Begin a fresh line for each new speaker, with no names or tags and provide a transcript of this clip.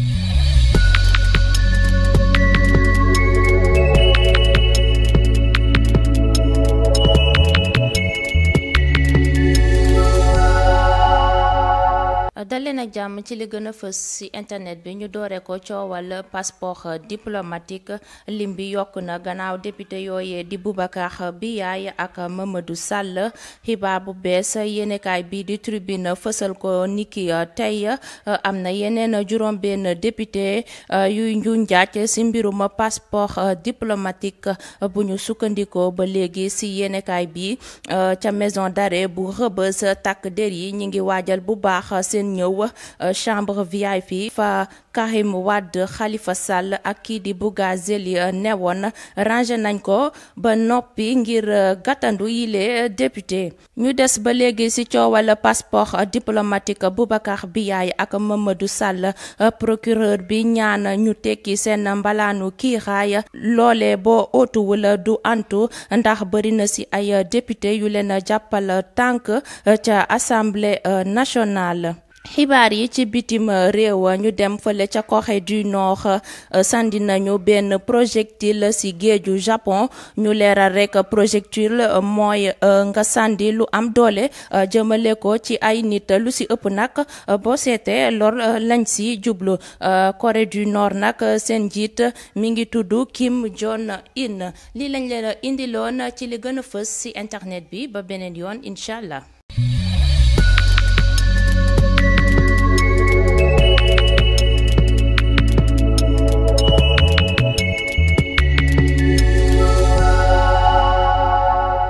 Mm-hmm. dalee na jàmm ci li gën fës ci internet bi ñu doore ko coowal passeport diplomatique lim bi yokk na gannaaw député yooyee di Boubacar Biaye ak Mamadou Sall xibaar bu bees yéenekaay bi di tribune fësal ko niki tey am na yeneen juróom-benn député uh, yuy nju njaaj ci mbirum passeport diplomatique bu ñu sukkandikoo ba léegi ci yéenekaay bi uh, ca maison d'arrêt bu Rebeuss takk der yi ñi ngi waajal bu baax seen ñëw euh, chambre fi fa Karim Wade Khalifa Sall ak kii di Bougazeli euh, newoon rangé nañ ko ba noppi ngir euh, gàttandu yile député ñu des ba léegi ci coowal passeport diplomatique bi yaay ak Mamadou Sall procureur bi ñaan ñu tekki seen mbalaanu kiiraay loole boo ootuwul du antu ndax bëri na ci ay député yu leen jàppal tànk ca assemblée nationale xibaar yi ci bitim réew ñu dem fële ca Corée du Nord euh, sandi nañu benn projectile ci géeju Japon ñu leeral rekk projectile euh, mooy euh, nga sandi lu am doole jëmale ko ci ay nit lu ci ëpp nag boo seete lor lañ ci jublu Corée du Nord nag seen njiit mi ngi tudd Kim Jong Un lii lañ leen indiloon ci li gën a fës ci internet bi ba beneen yoon incha allah.